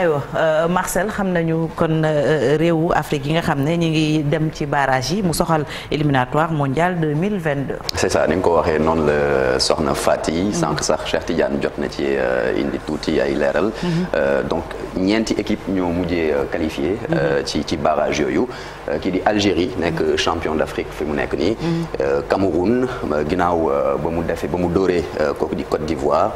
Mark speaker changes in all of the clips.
Speaker 1: aywa euh, Marcel xam nañu kon euh, réewu Afrique yi nga xam ne ñu ngi dem ci barrage yi mu soxal éliminatoire mondial 2022 c'est ça ni nga ko waxee noonu la soxna Fati mm-hmm. sànq sax Cheikh Tidiane jot na ci euh, indi tuuti ay leeral mm-hmm. donc ñeenti équipe ñoo mujjee qualifié mm-hmm. ci ci barrage yooyu kii di Algérie nekk champion d'Afrique fi mu nekk nii Cameroun ginnaaw ba mu defee ba mu dóoree kooku d'Ivoire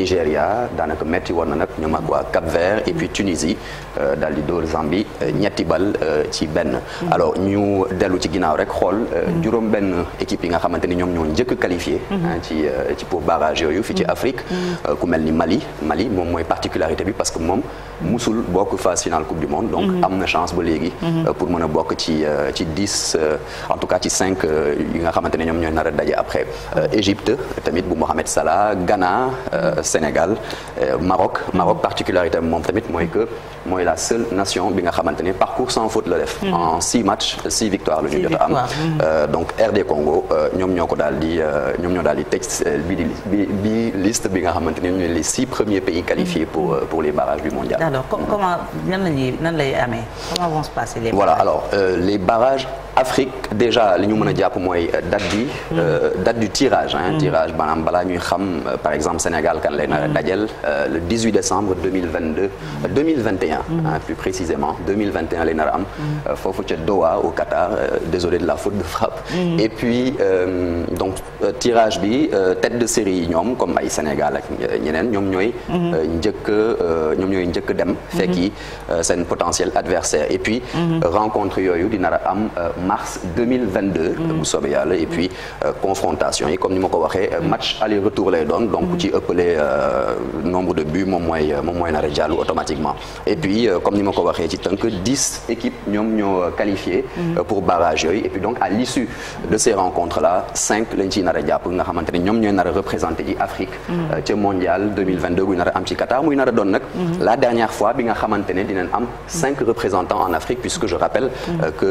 Speaker 1: Nigéria daanaka metti woon na nag ñoom ak waa Cap Vert puis Tunisie euh, daal di dóor Zambie euh, ñetti bal euh, ci benn. Mm-hmm. alors ñu dellu ci ginnaaw rek xool. Mm-hmm. juróom benn équipe yi nga xamante ni ñoom ñoo njëkk qualifié. Mm-hmm. ci ci pour barrage yooyu fii ci Afrique. ku mel ni Mali Mali moom mooy particularité bi parce que moom musul bokk phase finale coupe du monde. donc am na chance ba léegi. pour mën a bokk ci ci dix en tout cas ci cinq yi nga xamante ne ñoom ñooy nar a daje après. Égypte tamit bu Mohamed Salah Ghana Sénégal Maroc Maroc particularité moom mooy que mooy la seule nation bi nga xamante ne parcours sans faute la def. Mm-hmm. en six matchs six victoires la ñu jot a am. Mm-hmm. Euh, donc RD Congo euh, ñoom ñoo di euh, ñoom ñoo daal di teg les six premiers pays qualifiés mm-hmm. pour les barrages du mondial. alors comment nan se passer les barrages. Afrique déjà li ñu mën a jàpp mooy euh, date bi hmm. euh, date du tirage hein hmm. tirage maanaam balaa ñuy euh, par exemple Sénégal kan a hmm. dajel le 18 décembre 2022 2021 hein, plus précisément 2021 lay nar a am Doha au Qatar désolé de la faute de frappe et puis bi tête de série yi ñoom comme ay Sénégal ak ñeneen ñoom ñooy njëkk ñoom ñooy njëkk dem fekki seen potentiel adversaire et rencontre yooyu di nar a mars mm-hmm. euh, confrontation comme ni ma ko waxee euh, match aller retour lay doon. donc ci mm-hmm. ëppale euh, nombre de buts moom mooy moom mooy nar a jàll automatiquement et puis comme ni ma ko waxee ci tënk dix équipes ñoom ñoo qualifié. Mm-hmm. pour barrage yooyu puis donc à l'issue de ces rencontres là cinq lañ ciy nar a jàpp nga xamante a représenté ci Afrique. ca mondial 2022 buy a am ci Qatar muy nar a la dernière fois bi nga xamante ne am cinq représentants en Afrique puisque je rappelle que.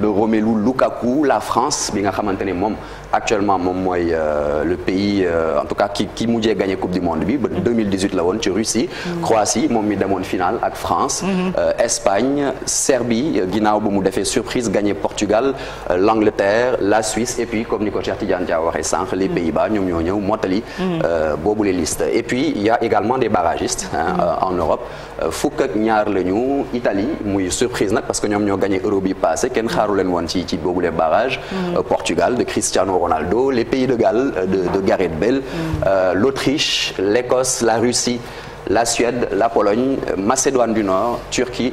Speaker 1: de Romelu Lukaku la France bi nga xamante ne moom actuellement moom mooy euh, le pays euh, en tout cas ki ki mujjee gagné coupe du monde bi ba 2018 la woon ci Russie. Mm-hmm. Croatie moom mi demoon finale ak France. Mm-hmm. Euh, Espagne Serbie ginnaaw bu mu defee surprise gagné Portugal l'Angleterre la Suisse et puis comme ni ko Cheikh Tidiane Dia waxee sànq les mm-hmm. Pays-Bas ñoom ñoo ñëw mottali. boobu les listes et puis il y a également des barragistes en Europe fukk ak ñaar la ñu Italie muy surprise nag parce que ñoom ñoo gagné euro bi passé kenn xaar waaru leen woon ci ci boobule barrage mm. euh, Portugal de Cristiano Ronaldo euh, de Gareth Bale mm. euh, l'Autriche l'Écosse la Russie la Suède la Pologne Macédoine du Nord Turquie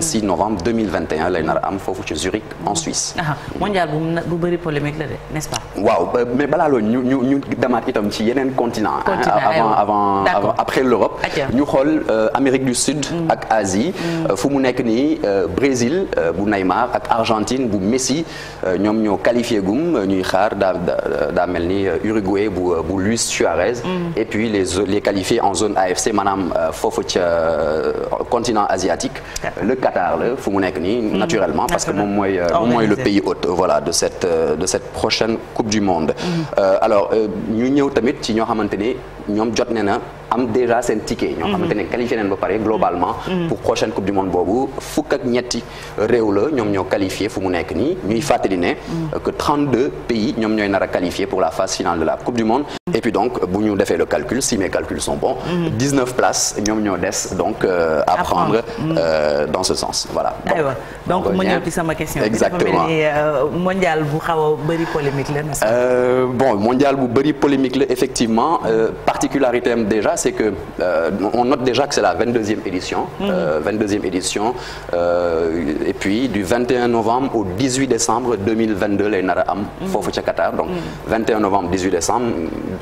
Speaker 1: 26 novembre 2021 lay nar a am foofu ci Zurich en Suisse. mondial bu bëri polémique de n'est-ce pas. waaw mais balaa loolu ñu ci yeneen continent. Eh avant avant avant après l'Europe ñu xool euh, Amérique du Sud. Mm. ak Asie. Mm. Euh, fu mu nekk nii euh, Brésil bu Neymar ak Argentine bu Messi ñoom ñoo qualifié gum ñuy xaar daa daa mel ni Uruguay bu bu Luis Suarez. Mm. et puis les les qualifiés en zone AFC maanaam foofu ca continent asiatique. Qatar la fu mu nekk nii. Mhm. naturellement parce que moom mooy euh, moom mooy le pays hôte voilà de cette euh, de cette prochaine coupe du monde. Mhm. Euh, alors ñu ñëw tamit ci ñoo xamante ñoom jot ne am déjà seen ñoo mhm. xamante ne qualifié ba pare globalement. pour prochaine coupe du monde boobu fukk ak ñetti réew la ñoom ñoo qualifié fu mu nekk nii ñuy fàttali ne. que 32 pays ñoom ñooy nar a qualifié pour la phase finale de la coupe du monde. et puis donc bu ñu defee le calcul si mes calculs sont bons. 19 mhm. places ñoom ñoo des donc euh, à prendre mhm. euh, euh, bu xaw a bëri polémique la. Euh, bon mondial bu bëri polémique la effectivement particularité am déjà c'est que on note déjà que c'est la 22e édition. 22e mhm. édition et puis du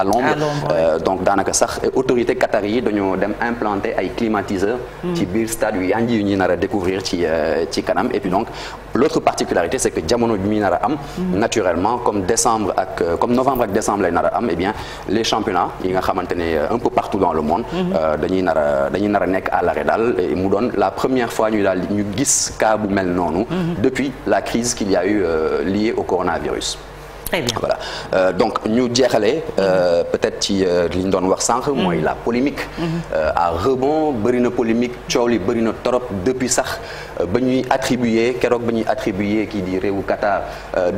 Speaker 1: à l'ombre euh, donc daanaka sax autorité Qatar yi dañoo dem implanter ay climatiseurs. Hmm. ci biir stade yu yaa ngi yu ñuy a découvrir ci euh, kanam et donc l'autre particularité c'est que jamono bi muy nar a am hmm. naturellement comme décembre ak euh, comme novembre ak décembre lay nar a am et eh bien les championnats yi nga xamante ne un peu partout dans le monde hmm. dañuy nar a a nekk à l'arrêt daal mu la première fois ñu daal ñu gis cas bu mel noonu depuis la crise qu'il y a eu liée au coronavirus très bien voilà euh, donc ñu jeexale euh, peut ci euh, li ñu doon wax sànq. Mm-hmm. mooy la polémique. Mm-hmm. Euh, à rebond bëri na polémique coow li bëri na trop depuis sax euh, ba ñuy attribuer keroog ba ñuy attribuer kii di réewu Qatar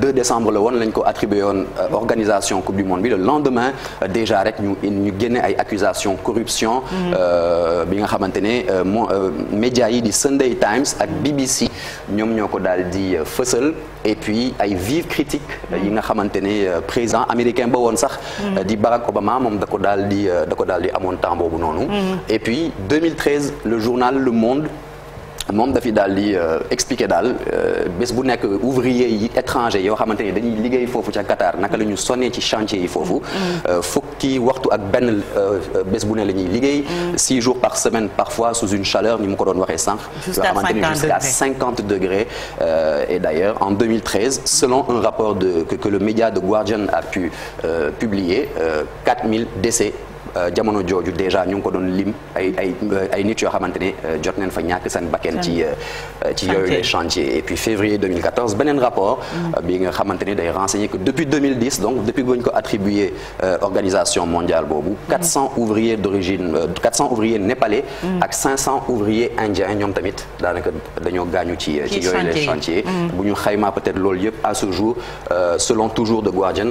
Speaker 1: 2 décembre la woon lañ ko attribué woon organisation coupe du monde bi le lendemain déjà rek ñu ñu génne ay accusations corruption. Mm-hmm. bi nga xamante ne moo média yi di Sunday Times ak BBC ñoom ñoo ko daal di fësal et puis ay vives critiques yi nga xamante ni euh, président américain ba woon sax mm. euh, di Barack Obama moom da ko daal di euh, da ko daal di amoon temps boobu noonu mm. et puis 2013 le journal Le Monde moom dafi daal di euh, expliquer daal euh, bés bu nekk ouvrier yi étranger yoo xamante ni dañuy liggéey foofu ca Qatar naka la ñu sonnee ci chantier yi foofu mm. euh, fukki waxtu ak benn bés bu ne la ñuy liggéey mm. six jours par semaine parfois sous une chaleur ni mu ko doon waxee sànq yoo xamante ni jusqu'à 50 degrés et d'ailleurs en 2013 selon un rapport de que, que le média The Guardian a pu euh, publier euh, 4000 décès Euh, jamono jooju déjà ñu ngi ko doon lim ay ay euh, ay yoo xamante ne euh, jot nañ fa ñàkk seen bakken ci ci yooyu les chantiers et puis février 2014 beneen rapport mm. bi nga xamante ne day renseigner que depuis 2010 donc depuis bu ñu ko attribué organisation mondiale boobu 400 mm. d'origine 400 ouvriers mm. ak 500 ouvriers indiens tamit daanaka dañoo gaañu ci ci yooyu les chantiers peut-être loolu yëpp à ce jour selon toujours The Guardian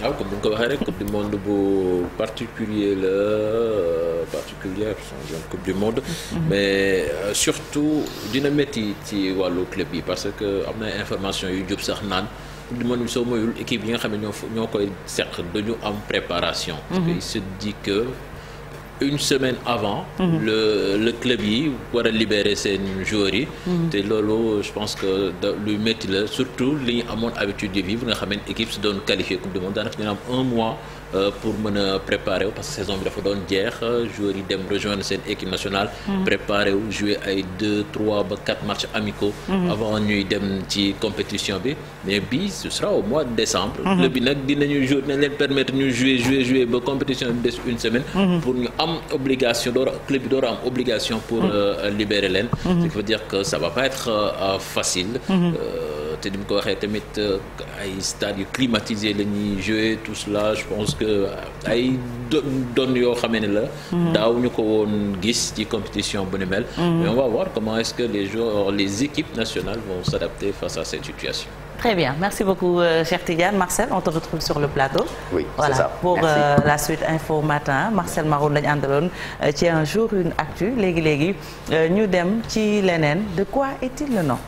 Speaker 2: waaw comme ni nga ko waxee rek coupe du monde bu particulier la euh, particulière son coupe du monde mhm. mais euh, surtout dina métti ci wàllu club yi parce que am na information yu jub sax naan coupe du monde bi soo moyul équipe yi nga xam ne ñoo ñoo koy seq dañu am préparation parce mhm. que se dit que une semaine avant. Mhm. le le club yi war a libérer seen joueurs yi. Mhm. te loolu je pense que da luy métti la surtout li ñu amoon habitude de vivre nga xam ne équipe si doon qualifier coupe du monde daanaka dina am un mois. Euh, pour mën a préparer wu parce que saison bi dafa doon jeex joueurs yi dem rejoindre seen équipe nationale. Mhm. préparer jouer ay deux trois ba quatre matchs amicaux. Mhm. avant ñuy dem ci compétition bi mais bii ce sera au mois de décembre. Mhm. le bi nag dinañu jouer dinañ leen permettre ñu jouer jouer ba compétition bi semaine. pour ñu am obligation door club bi door am obligation pour euh, libérer leen. ce qui veut dire que ça va pas être euh, facile. te ni mu ko waxee tamit euh, ay stades yu climatisé la ñuy jouer tout cela je pense que euh, ay donne yoo xam ne la. Mm-hmm. daaw ñu ko woon gis ci compétition bu ni mel. Mm-hmm. mais on va voir comment est-ce que les joueurs les équipes nationales vont s'adapter face à cette situation.
Speaker 1: Très bien merci beaucoup euh, cher Tidiane Marcel on te retrouve sur le plateau.
Speaker 2: oui voilà. c'est ça pour euh,
Speaker 1: la suite info matin Marcel Maroun lañu àndaloon euh, ci un jour une actu léegi léegi ñu dem ci leneen de quoi est-il le nom.